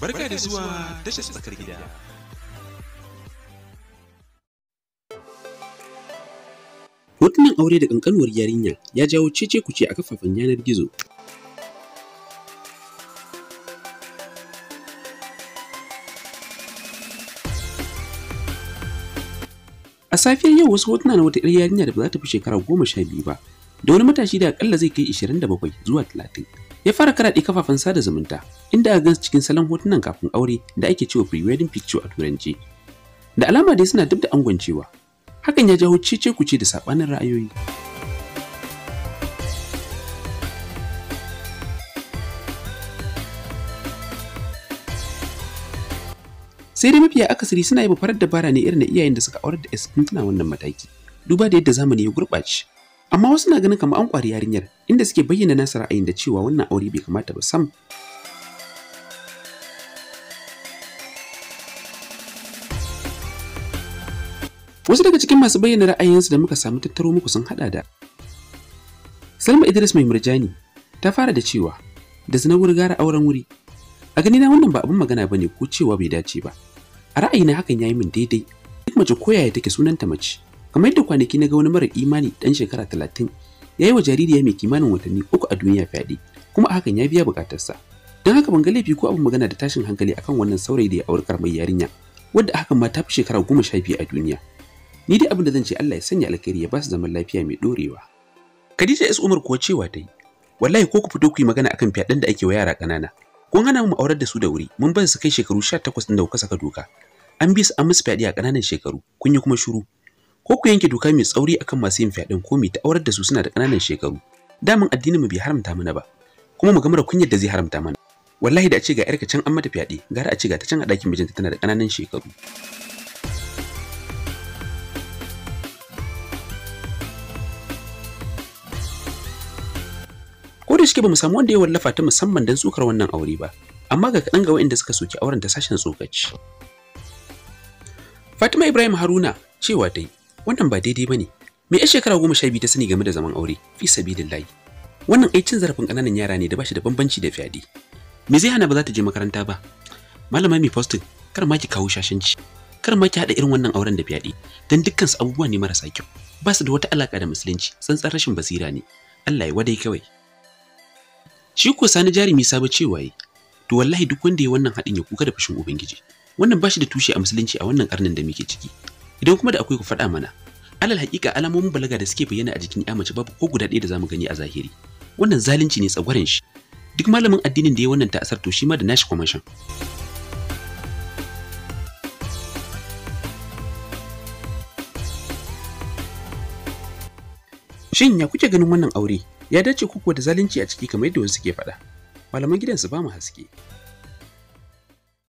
Barka da zuwa tashar tsakar gida. Hotunan aure da ƙanƙanuwar yarinya ya jawo cece kuce a kafafen yanar gizo. A safiyar yau wasu hotuna na wata 'yar yarinya da ba za ta fi shekara goma sha biyu ba, da wani matashi da akalla zai kai 27 zuwa talatin. ya fara karaɗe kafafen sada zumunta inda a gansu cikin salon hotunan kafin aure da ake cewa pre-wedding picture a turanci da alama dai suna duk da angon cewa hakan ya jawo cece ce da saɓanin ra'ayoyi sai dai mafiya akasari suna yi farar dabara ne irin na iyayen da suka aurar da s tana wannan mataki duba da yadda zamani ya gurɓace amma wasu na ganin kamar an kwari yarinyar inda suke bayyana nasa ra'ayin da cewa wannan aure bai kamata ba sam wasu daga cikin masu bayyana ra'ayinsu da muka samu tattaro muku sun hada da salma idris mai murjani ta fara da cewa da zina wuri gara auren wuri a gani na wannan ba abin magana ba ne ko cewa bai dace ba a ra'ayina hakan ya yi min daidai duk mace koyaya take sunanta mace kamar yadda kwanaki na ga wani mara imani dan shekara talatin ya yi wa jaririya mai kimanin watanni uku a duniya fyaɗe kuma a hakan ya biya bukatarsa don haka ban ga laifi ko abin magana da tashin hankali akan wannan saurayi da ya auri karamar yarinya wadda hakan ma ta fi shekara goma sha biyu a duniya ni dai abin da zan ce Allah ya sanya alkhairi ya ba su zaman lafiya mai dorewa Khadija S Umar kuwa cewa ta wallahi ko ku fito ku yi magana akan fyaɗen da ake wa yara ƙanana kun hana mu aurar da su da wuri mun ban su kai shekaru 18 din da kuka saka doka an bi su an musu fyaɗe a ƙananan shekaru kun yi kuma shiru ko ku yanke doka mai tsauri akan masu yin fyaɗen ko ta aurar da su suna da ƙananan shekaru damin addinin mu bai haramta mana ba kuma mu gamar kunyar da zai haramta mana wallahi da a ce ga yarka can an mata fyaɗe gara a ce ga ta can a ɗakin mijinta tana da ƙananan shekaru ko da shike ba mu samu wanda ya wallafa ta musamman don tsokar wannan aure ba amma ga kaɗan ga waɗanda suka soki auren ta sashen tsokaci Fatima Ibrahim Haruna cewa dai wannan ba daidai bane me yar shekara goma sha biyu ta sani game da zaman aure fi sabilillahi wannan ai cin zarafin ƙananan yara ne da ba shi da bambanci da fyade me zai hana ba za ta je makaranta ba malama mai posting kar ma ki kawo shashanci kar ma ki haɗa irin wannan auren da fyade dan dukkan su abubuwa ne marasa kyau ba su da wata alaka da musulunci tsantsan rashin basira ne Allah ya wadai kawai shi ko sani jarumi sabo cewa yi to wallahi duk wanda ya wannan haɗin ya kuka da fushin ubangiji wannan ba shi da tushe a musulunci a wannan karnin da muke ciki idan kuma da akwai ku faɗa mana alal haƙiƙa alamomin balaga da suke bayyana a jikin ya mace babu ko guda ɗaya da zamu gani a zahiri wannan zalunci ne tsagwaren shi duk malamin addinin da ya wannan ta'asar to shi ma da nashi kwamashin shin ya kuke ganin wannan aure ya dace kuku da zalunci a ciki kamar yadda wasu suke faɗa malaman gidansu ba mu haske